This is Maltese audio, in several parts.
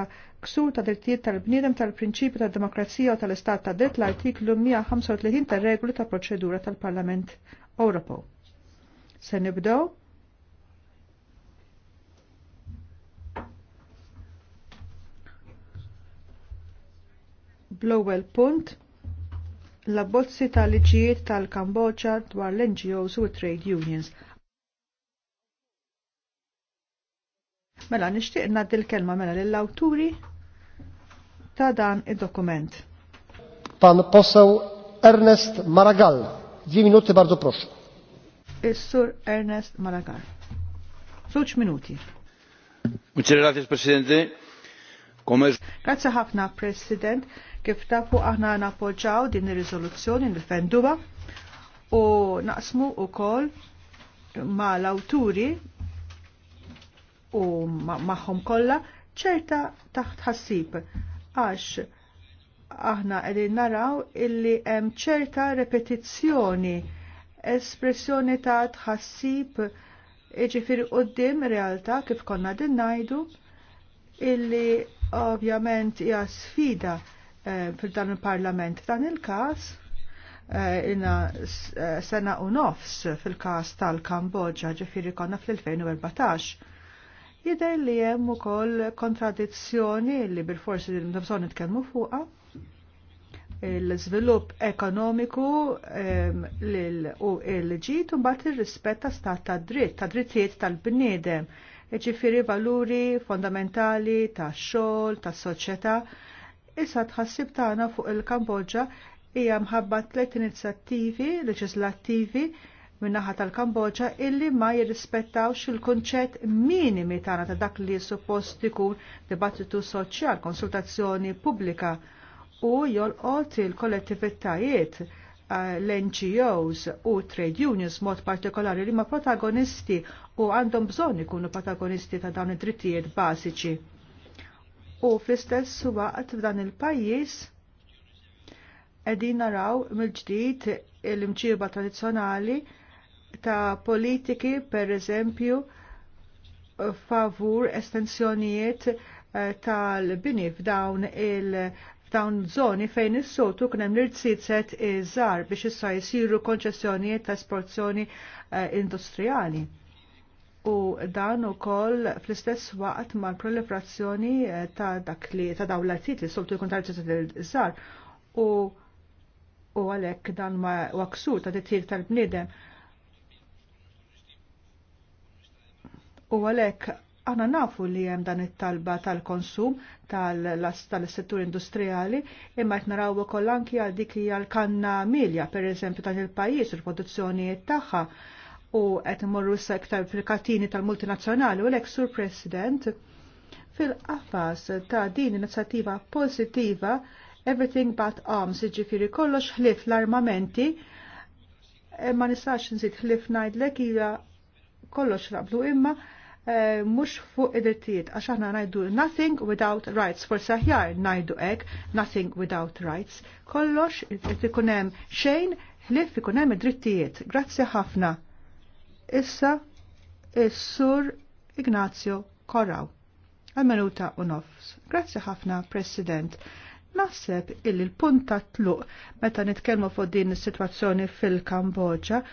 ta' ksur ta' drittijiet tal-bniedem tal-prinċipju tad demokrazija u tal-istat ta' dritt l-artiklu 135 tar-regoli ta' proċedura tal-Parlament Ewropew. Se nibdew bl-ewwel punt l-abbozzi tal-liġijiet tal kamboċa dwar l-NGOs u trade unions. Mela, nixtieq ngħaddi l-kelma mela lill-awturi ta' dan id-dokument. Pan poseł Ernest Maragall. Dwie minuti bardzo proszę. Is-sur Ernest Maragall. Żewġ minuti. Muchas gracias, Presidente. Grazie ħafna, President. Kif tafu aħna napoġġaw din ir-riżoluzzjoni nifenduha u naqsmu wkoll ma l-awturi u magħhom kollha ċerta taħt ħassib għax aħna qegħdin naraw illi hemm ċerta repetizzjoni espressjoni ta' tħassib iġifiri qoddim realtà kif konna din najdu illi ovvjament hija sfida eh, fil dan il-parlament. F'dan il-każ eh, inna eh, sena u nofs fil-każ tal-Kambodġa ġifiri konna fl-2014 Jidher li hemm ukoll kontradizzjoni li bil-forsi li nifson nitkellmu fuqha l svilup ekonomiku u l-ġid u mbagħad ir-rispett ta' stat ta' dritt, ta' drittijiet tal-bniedem, ġifieri valuri fondamentali tax-xogħol, tas-soċjetà. Issa tħassib tagħna fuq il-Kambodġa hija mħabba tliet inizjattivi leġislattivi Min-naħa tal-Kamboġa illi ma jirrispettawx il-konċett minimi tagħna ta' dak li suppost ikun dibattitu soċjal, konsultazzjoni pubblika u jolqot il-kollettivitajiet eh, l-NGOs u trade unions mod partikolari li ma protagonisti u għandhom bżonn ikunu protagonisti ta' dawn id-drittijiet bażiċi. U fl-istess waqt f'dan il-pajjiż qegħdin naraw mill-ġdid l-imġiba tradizzjonali ta' politiki, per eżempju, favur estensjonijiet eh, tal-bini f'dawn il- dawn zoni fejn is-sotu kien hemm l-irtsitset biex issa jsiru konċessjonijiet ta' esporzjoni eh, industrijali. U dan ukoll fl-istess waqt mal proliferazzjoni eh, ta' dak li ta' dawn l artiti s soltu jkun tal-irtsitset iżgħar u u għalhekk dan ma' waksur ta' titjir tal-bniedem U għalhekk aħna nafu li hemm dan it-talba tal-konsum tal-settur industrijali imma qed naraw ukoll anki għal dikki għall-kanna milja pereżempju tan il-pajjiż il-produzzjonijiet tagħha u qed morru s iktar fil-katini tal-multinazzjonali u l sur President fil-qafas ta' din inizjattiva pożittiva Everything But Arms, ġifiri kollox ħlif l-armamenti eh, ma nistax nżid ħlif ngħidlek hija kollox rablu imma Eh, mhux fuq id-drittijiet għax aħna ngħidu nothing without rights, forsi aħjar ngħidu hekk nothing without rights. Kollox ikun hemm xejn ħlif ikun hemm id-drittijiet. Grazzi ħafna. Issa is-sur Ignazio Korraw. Għal-minuta u nofs. Grazzi ħafna, President. Naħseb illi l-punt ta' tluq meta nitkellmu fuq din is-sitwazzjoni fil-Kambodġa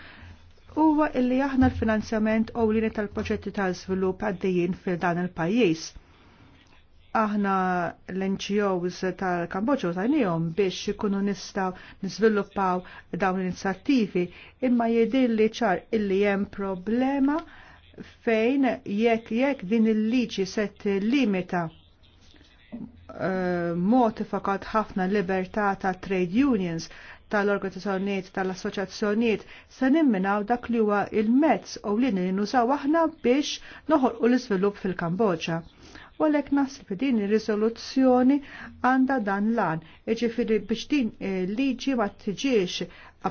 huwa illi aħna l-finanzjament ewlieni tal-proġetti ta' żvilupp għaddejjin fil-dan il-pajjiż. Aħna l-NGOs tal-Kambodġa tajnijom biex ikunu nistaw niżviluppaw dawn l-inizjattivi imma jidilli ċar illi hemm problema fejn jekk jekk din il-liġi set limita eh, mod fakat ħafna libertà ta' trade unions tal-organizzazzjonijiet tal-assoċjazzjonijiet se nimminaw dak li huwa il-mezz u li nużaw aħna biex noħolqu l-iżvilupp fil-Kamboġa. U għalhekk naħseb din ir-riżoluzzjoni għandha dan lan, jiġifieri biex din liġi ma tiġix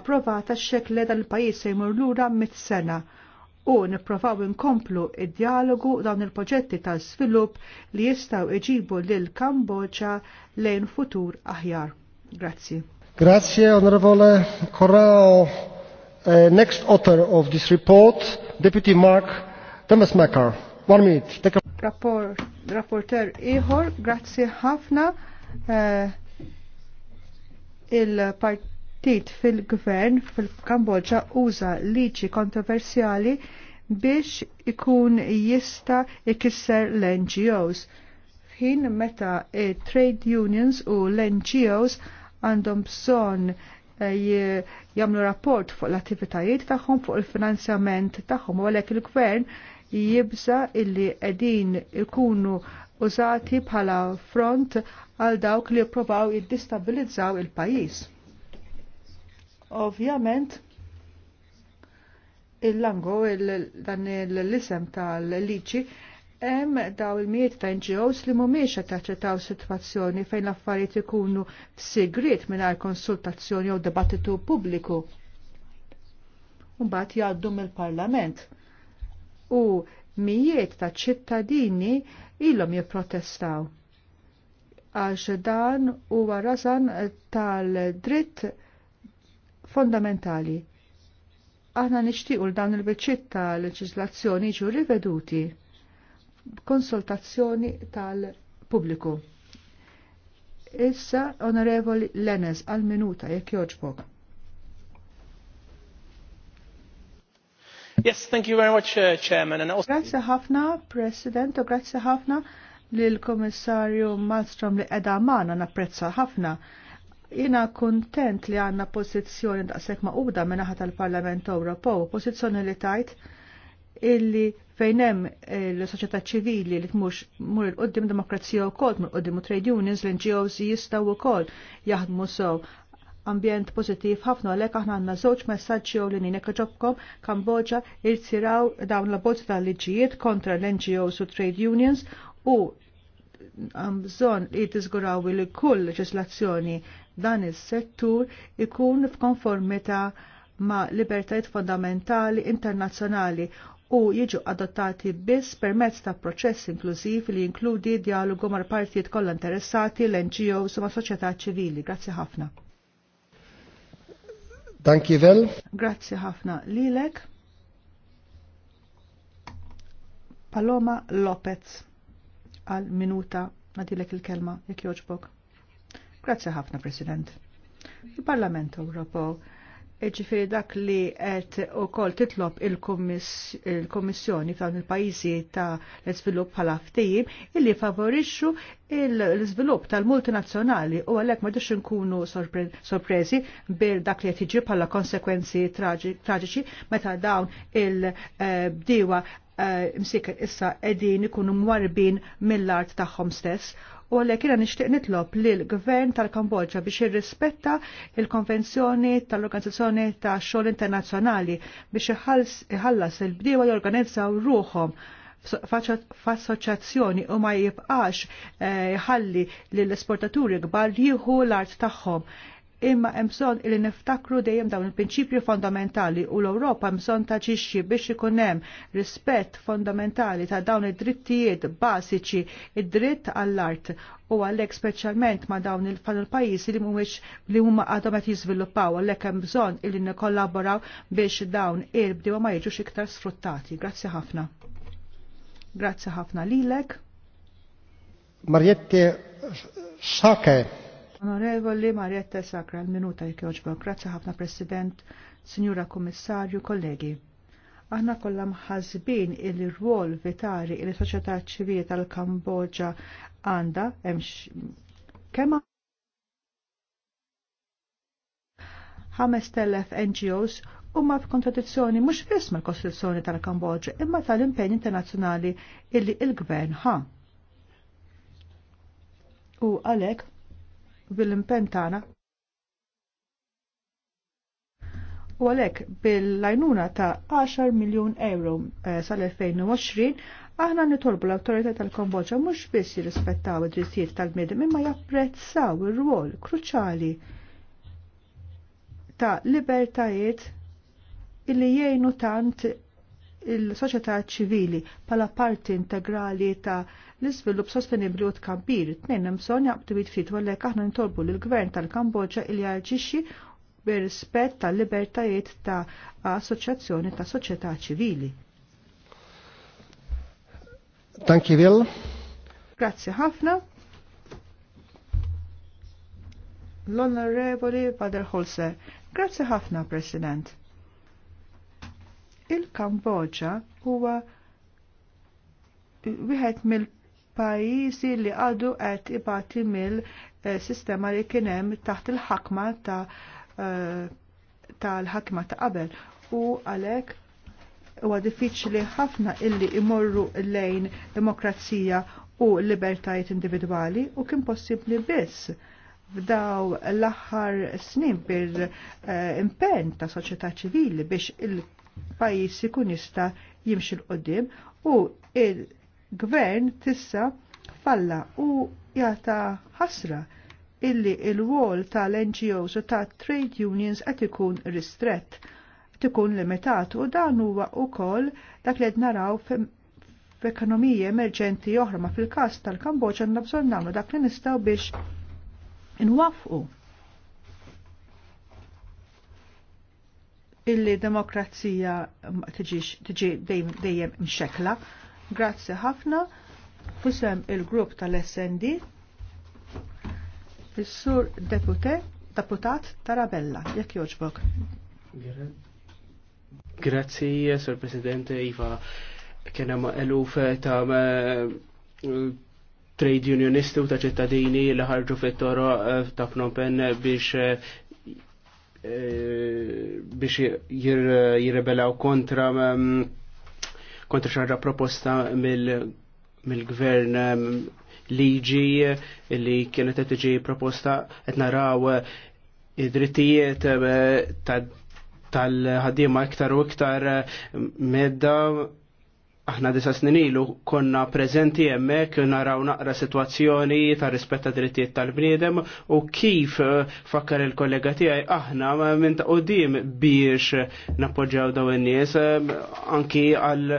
approvata x'hekk le dal-pajjiż se jmur lura mit-sena u nipprovaw inkomplu id-dialogu dawn il-proġetti ta' svilupp li jistaw iġibu lil Kamboġa lejn futur aħjar. Grazzi. Grazie, Honorable Corrao. Uh, next author of this report, Deputy Mark Demesmaker. One minute. Take a... Rapport, rapporteur Ihor, grazie ħafna. Uh, Il-partit fil-gvern fil-Kambodġa uża liġi kontroversjali biex ikun jista ikisser l-NGOs. F'ħin meta trade unions u l-NGOs għandhom bżonn eh, jagħmlu rapport fuq l-attivitajiet tagħhom fuq il-finanzjament tagħhom u għalhekk il-gvern jibża illi qegħdin ikunu użati bħala front għal dawk li jippruvaw jiddistabilizzaw il-pajjiż. Ovvjament, il-lango, il dan l-isem tal-liċi, Hemm daw il-miet ta' NGOs li mhumiex qed taċċettaw sitwazzjoni fejn l-affarijiet ikunu f'sigriet mingħajr konsultazzjoni jew dibattitu pubbliku. Mbagħad jgħaddu mill-Parlament. U mijiet ta' ċittadini ilhom jipprotestaw. Għax dan huwa rasan tal-dritt fondamentali. Aħna nixtiequ l dawn il-biċċiet tal leġislazzjoni ġu riveduti konsultazzjoni tal-pubbliku. Issa, onorevoli Lenes, għal-minuta, jekk joġbok. Yes, thank you very much, uh, Chairman. And also... Grazie ħafna, President, u grazie ħafna l-Komissarju Malmstrom li edha maħna napprezza ħafna. Jina kontent li għanna pozizjoni daqsek ma' uda minnaħat tal-Parlament Ewropew, pozizjoni li tajt illi fejn hemm eh, l-soċjetà ċivili li tmux mur il-qoddim demokrazija wkoll, mur qoddim u trade unions, l-NGOs jistgħu wkoll jaħdmu sow ambjent pozittiv ħafna għalhekk aħna għandna żewġ messaġġi u li ġobkom il irtiraw dawn la bozz tal-liġijiet kontra l-NGOs u trade unions u bżonn li t-izguraw li kull leġislazzjoni dan is-settur ikun f'konformità ma' libertajt fondamentali internazzjonali u jiġu adottati biss permezz ta' proċess inklużiv li jinkludi dialogu mar partijiet kollha interessati l-NGOs u ma' soċjetà ċivili. Grazzi ħafna. you well. Grazzi ħafna lilek. Paloma Lopez għal minuta nadilek il-kelma jekk joġbok. Grazzi ħafna, President. Il-Parlament Ewropew Ġifiri dak li qed ukoll titlob il-Kommissjoni f'dawn il-pajjiżi ta' l-iżvilupp bħala ftehim illi favorixxu l-iżvilupp tal-multinazzjonali u għalhekk ma dux nkunu sorpresi bil dak li qed jiġi bħala konsekwenzi traġiċi meta dawn il bdiwa eh, msiker issa qegħdin ikunu mwarbin mill-art tagħhom stess u għalhekk jiena nixtieq nitlob l gvern tal-Kambodġa biex jirrispetta il-Konvenzjoni tal-Organizzazzjoni ta' Xogħol Internazzjonali biex iħallas il-bdiewa jorganizzaw ruħhom f'assoċjazzjoni u ma jibqax ħalli lill esportaturi kbar jieħu l-art tagħhom imma hemm bżonn li niftakru dejjem dawn il-prinċipju fondamentali u l-Ewropa bżonn taġixxi biex ikun hemm rispett fondamentali ta' dawn id-drittijiet bażiċi id-dritt għall-art u għalhekk speċjalment ma' dawn il-pajjiżi li mhumiex li huma għadhom qed jiżviluppaw għalhekk hemm bżonn illi nikkollaboraw biex dawn il-bdiewa ma jiġux iktar sfruttati. Grazzi ħafna. Grazzi ħafna lilek. Marjette Sake Onorevoli Marietta Sakra, l-minuta jkjoġbok. Grazie ħafna President, Signora Kommissarju, kollegi. Aħna kollha mħazbin il-rwol vitali il soċjetà ċivili tal-Kambodġa għandha hemm kemm 5,000 NGOs huma f'kontradizzjoni mhux biss mal-Kostituzzjoni tal-Kambodġa imma tal-impenn internazzjonali illi il-gvern ħa. U għalhekk bil-impen tagħna. U għalhekk bil-lajnuna ta' 10 miljun euro eh, sal-2020 aħna nitolbu l-autorità tal-Kambodġa mhux biss jirrispettaw id-drittijiet tal-bniedem imma japprezzaw ir-rwol kruċali ta' libertajiet illi jgħinu tant il-soċjetà ċivili pala parti integrali ta' l-iżvilupp sostenibli u tkabbir. Tnejn hemm bżonn jaqbdu jitfit għalhekk aħna nitolbu lill gvern tal-Kambodġa il jaġixxi bir-rispett tal-libertajiet ta' assoċjazzjoni ta' soċjetà ċivili. Thank you, Will. Grazie ħafna. L-Onorevoli Bader Holse, Grazie ħafna, President il kamboġa huwa wieħed mill-pajjiżi li għadu qed ibati mill-sistema li kien hemm taħt il-ħakma ta' eh, tal-ħakma ta' qabel u għalhekk huwa diffiċli ħafna illi imorru lejn demokrazija u libertajiet individwali u kien possibbli biss f'daw l-aħħar snin bir eh, impenn ta' soċjetà ċivili biex il pajjiż ikun jista' jimxi l qoddim u il-gvern tissa falla u jata ħasra illi il-wol tal-NGOs u ta' trade unions qed ikun ristret, tikun limitat u dan huwa wkoll dak li qed naraw f'ekonomija emerġenti oħra ma fil-każ tal-Kambodġa nabżon nagħmlu dak li nistgħu biex inwaffqu illi demokrazija tiġi dejjem mxekla. Grazzi ħafna fusem il-grupp tal-SND Fissur sur deputat Tarabella, Jek joġbok. Grazzi, sur Presidente Iva, ma' eluf ta' trade unionisti u ta' ċittadini li ħarġu fit-toro eh, ta' Phnom Penh biex eh, E, biex jirrebelaw kontra mm, kontra xarra proposta mill-gvern mm, liġi li kienet qed tiġi proposta qed naraw id-drittijiet mm, tal-ħaddiema iktar u iktar medda aħna disa sninilu ilu konna prezenti hemmhekk naraw naqra sitwazzjoni ta' rispett ta' drittijiet tal-bniedem u kif eh, fakkar il-kollega tiegħi aħna minn ta' qudiem biex nappoġġjaw daw in-nies eh, anki għal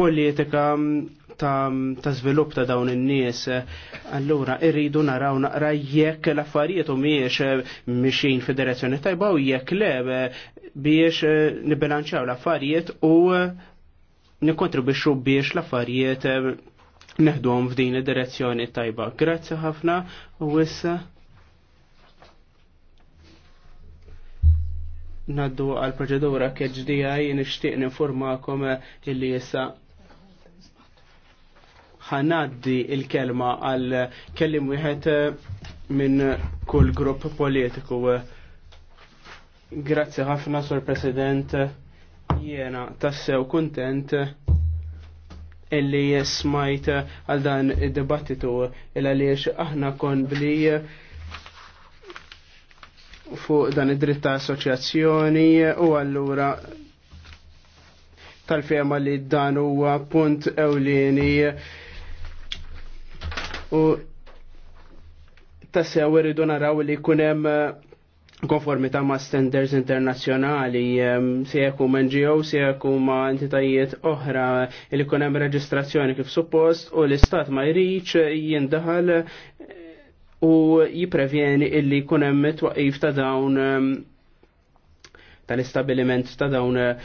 politika mm, ta', ta ta' dawn in-nies. Allura irridu naraw naqra jekk l-affarijiet u miex eh, mixin fid-direzzjoni tajba u jekk le biex nibilanċaw l-affarijiet u nikontru biex l-affarijiet eh, neħduhom f'din id-direzzjoni tajba. Grazzi ħafna u issa naddu għal proċedura KHDI nixtieq ninformakom eh, illi issa ħanaddi il-kelma għal kellim wieħed eh, minn kull grupp politiku. Grazzi ħafna, Sur President. Jena tassew kontent illi smajt għal dan id-dibattitu il-għaliex aħna kon bli fuq dan id dritta assoċjazzjoni u allura tal-fema li dan huwa punt ewlieni u tassew irridu naraw li kunem hemm konformita ma' standards internazzjonali, ehm, se ma' NGO, se jekum ma' entitajiet oħra li kun hemm reġistrazzjoni kif suppost u l-istat ma' jriċ jindaħal eh, u jiprevjeni illi kun hemm twaqif ta' dawn ehm, tal-istabiliment ta' dawn eh,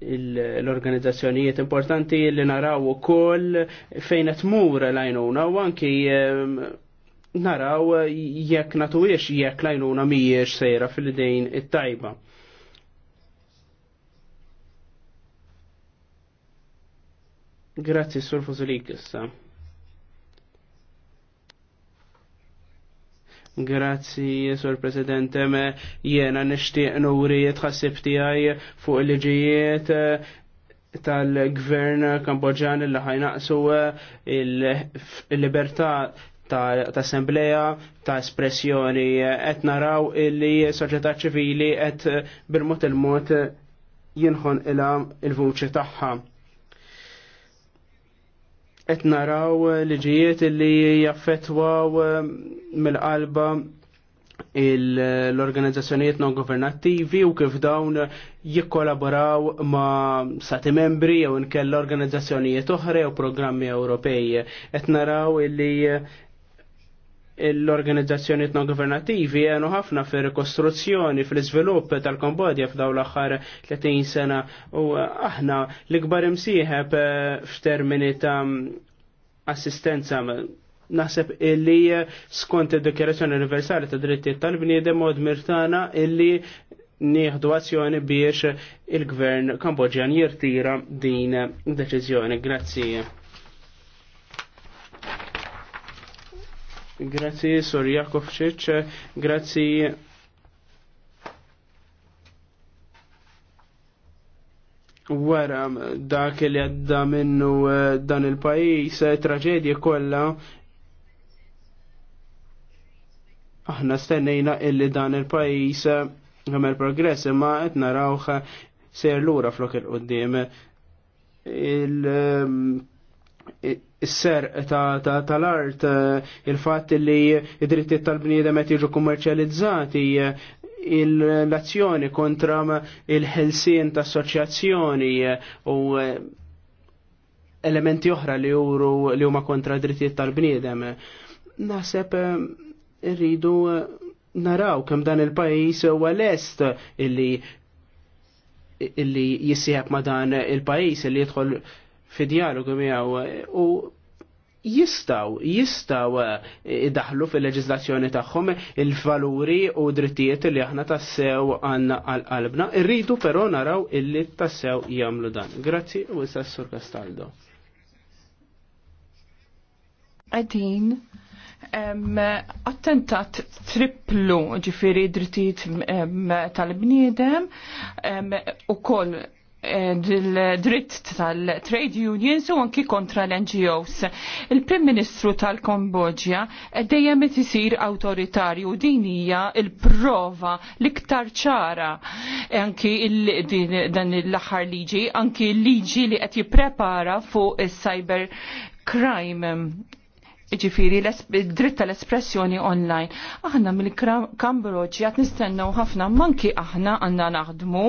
l-organizzazzjonijiet importanti li naraw ukoll fejn qed mur lajnuna u anki ehm, naraw eh, jekk jiex jekk lajnuna mhijiex sejra fil-dejn it-tajba. Grazzi, Sur Fuzulik, issa. Grazzi, Sur President, jena nishtiq nuri tħassib tijaj fuq il eh, tal-gvern kambodġan il-ħajnaqsu eh, il-libertà ta' assembleja, ta' espressjoni, et naraw illi soċjetà ċivili et eh, bil-mot il-mot eh, jinħon ila il-vuċi tagħha. Et naraw liġijiet illi jaffetwaw eh, mill-qalba l-organizzazzjonijiet non governattivi u kif dawn jikkolaboraw ma stati membri jew inkella organizzazzjonijiet oħra jew programmi Ewropej. Qed naraw illi l-organizzazzjoni non-governativi jenu ħafna fir rikostruzzjoni fil-izvilupp tal-Kambodja f'daw l-axħar 30 sena u aħna l-ikbar imsieħeb eh, f'termini ta' assistenza naħseb illi skont id-Dikjerazzjoni Universali ta' Drittijiet tal-Bniedem mod mirtana illi nieħdu azzjoni biex il-gvern Kambodjan jirtira din deċiżjoni. Grazzi. Grazzi, Sur Cic. Grazie. Wara dak li għadda minnu eh, dan il-pajis, eh, traġedje kollha aħna stennejna illi dan il-pajis eh, għamel progress imma qed narawh ser lura flok il-qudiem il is-ser tal-art, eh, il-fatt li id-drittijiet tal-bniedem qed jiġu kummerċjalizzati, eh, l-azzjoni kontra il-ħelsien ta' assoċjazzjoni eh, u elementi oħra li juru li huma kontra drittijiet tal-bniedem. Naħseb irridu naraw kemm dan il-pajis huwa lest illi illi jissieħab ma dan il pajjiż illi jidħol fi dialogu miegħu u jistaw, jistaw eh, daħlu fil-leġizlazzjoni tagħhom il-valuri u drittijiet li aħna tassew għanna għal-qalbna. Irridu però naraw illi tassew jagħmlu dan. Grazzi u s-sur Castaldo. Għadin, attentat triplu ġifiri drittijiet tal-bniedem u koll Eh, dritt tal-trade unions u anki kontra l-NGOs. Il-Prim Ministru tal-Kambodġja eh, dejjem qed isir awtoritarju din hija l-prova l-iktar ċara eh, anki dan l-aħħar liġi, anki l-liġi li qed jipprepara fuq is-cyber crime ġifiri dritt tal-espressjoni online. Aħna mill-Kambroġi għat nistennaw ħafna manki aħna għanna naħdmu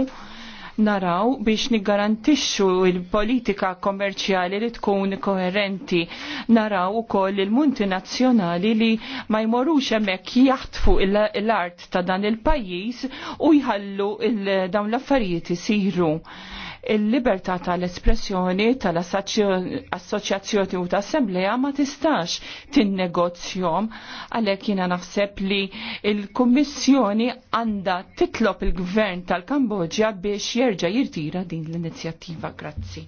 naraw biex niggarantixxu il-politika kommerċjali li tkun koherenti. Naraw ukoll il-multinazzjonali li ma jmorux hemmhekk jaħtfu l-art ta' dan il-pajjiż u jħallu dawn l-affarijiet isiru il-libertà tal-espressjoni tal-assoċjazzjoni u tal-assembleja ma tistax tin-negozjom għalhekk jiena naħseb li il-Kummissjoni għandha titlob il-Gvern tal-Kambodġa biex jerġa' jirtira din l-inizjattiva. Grazzi.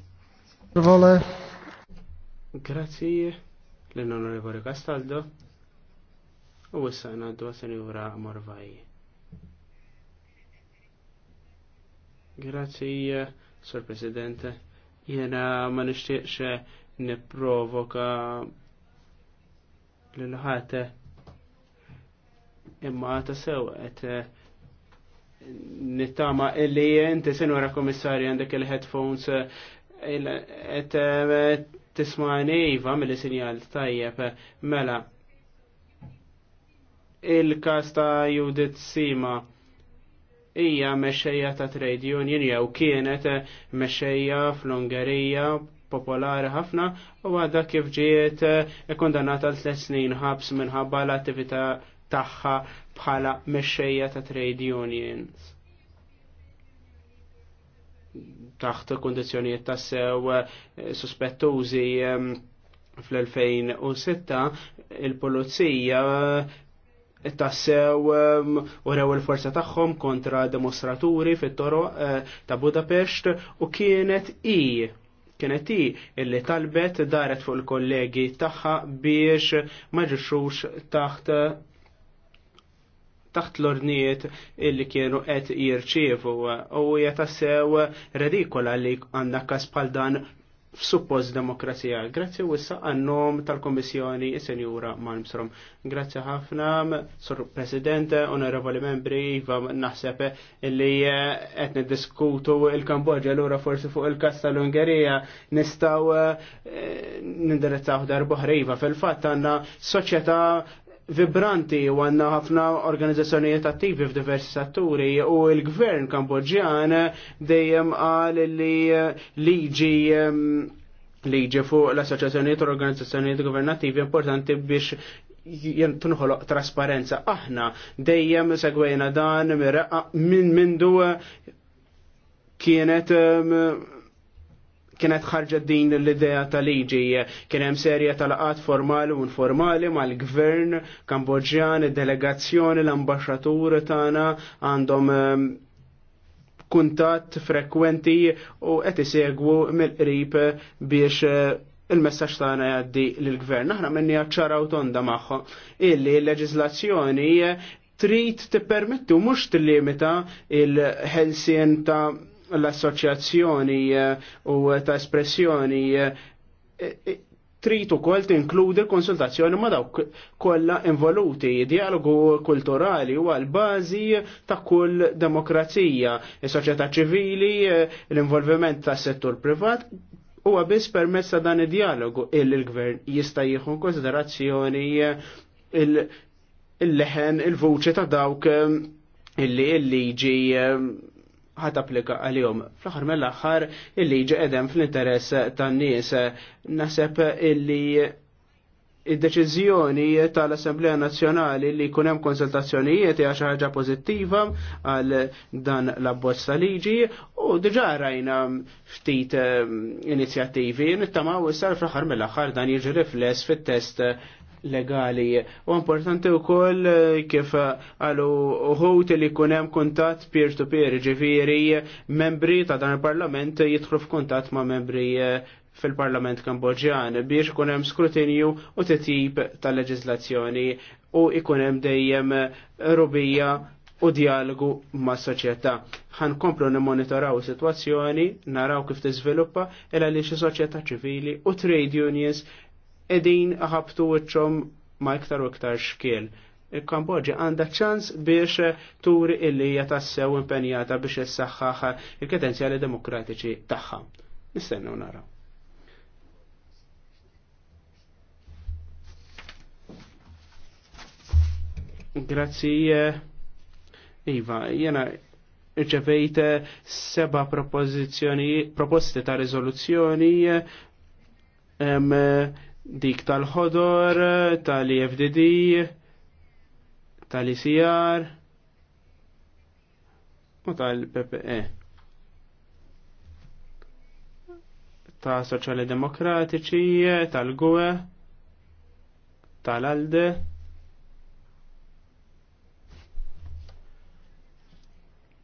Grazzi l-Onorevole Castaldo u issa għandu għasenjura Morvaj. Grazzi Sur President, jena ma nishtiqxe niprovoka l ħate imma ta' sew qed eh, nittama illi inti sinwara komissari għandek il-headphones qed eh, tismani iva mill-sinjal tajjeb mela il kasta ta' Judith Sima hija mexxejja ta' trade union jew kienet mexxejja fl-Ungerija popolari ħafna u għadda kif ġiet eh, kondannata l tliet snin ħabs minħabba l-attività tagħha bħala mexxejja ta' trade unions taħt kondizjonijiet ta' sew eh, suspettużi eh, fl-2006 il-polizija tassew ehm, u rew il-forza tagħhom kontra demostraturi fit-toro eh, ta' Budapest u kienet i kienet i illi talbet daret fuq il-kollegi tagħha biex ma ġixux taħt taħt l-ornijiet illi kienu qed jirċievu u hija tassew redikola li għandna każ bħal dan f'suppost demokrazija. Grazzi u issa għannom tal-Komissjoni Senjura Malmstrom. Grazzi ħafna, Sur President, Onorevoli Membri, Iva naħseb li eh, qed diskutu il-Kambodġa l-ura forsi fuq il kasta tal-Ungerija nistaw eh, nindirizzaw darbohra Iva. Fil-fatt għandna soċjetà vibranti u għanna ħafna organizzazzjonijiet attivi f'diversi setturi u l-gvern kambodġjan dejjem għal li liġi liġi fuq l-assoċjazzjonijiet u l-organizzazzjonijiet governattivi importanti biex jintunħoloq trasparenza. Aħna dejjem segwejna dan minn mindu kienet kienet ħarġet din l-idea tal-liġi. Kien hemm serje tal-qat formali u informali mal-gvern Kambodġjan, delegazzjoni, l-ambaxxatur tagħna għandhom ehm, kuntat frekwenti u qed isegwu mill-qrib biex eh, il-messaċ tagħna jgħaddi lill-gvern. Aħna minni ċara eh, u tonda magħhom illi l-leġiżlazzjoni trid tippermettu mhux tillimita il-ħelsien ta' l-assoċjazzjoni eh, u ta' espressjoni eh, eh, trid ukoll tinkludi konsultazzjoni ma' dawk kollha involuti, dialogu kulturali huwa l-bażi ta' kull demokrazija, il soċjetà ċivili, l-involviment tas settur privat huwa biss permezz ta' dan id-dialogu il l-gvern jista' jieħu konsiderazzjoni il-leħen il-vuċi ta' dawk illi il-liġi ħat applika għal-jom. fl ħar mill ħar illi ġedem fl-interess tan-nies naseb illi id-deċizjoni tal-Assemblea Nazzjonali li jkun hemm konsultazzjonijiet hija xi ħaġa pożittiva għal dan l-abbozz liġi u diġà rajna ftit eh, inizjattivi nittamaw issa fl-aħħar mill-aħħar dan jiġri rifless fit-test legali. U importanti wkoll eh, kif eh, għalu uħut li jkun hemm kuntatt peer-to-peer, ġifieri membri ta' dan il-parlament jitħlu f'kuntatt ma' membri eh, fil-Parlament Kambodġan biex ikun hemm skrutinju u titjib tal-leġiżlazzjoni u ikunem hemm dejjem rubija u dialogu ma' soċjetà. Għan komplu nimmonitoraw is-sitwazzjoni, naraw kif tiżviluppa il għalli soċjetà ċivili u trade unions edin ħabtu wiċċhom ma iktar u iktar xkiel. Il-Kambodġa għandha ċans biex turi illi jatassew tassew impenjata biex issaħħaħ il-kredenzjali demokratiċi tagħha. Nistennew naraw. Grazzi. Eh, iva, jena ċevejt eh, seba proposti ta' rizoluzzjoni eh, dik tal-ħodor, tal-IFDD, tal-ICR u tal-PPE. Ta' Soċjali Demokratiċi, tal-GUE, tal-ALDE.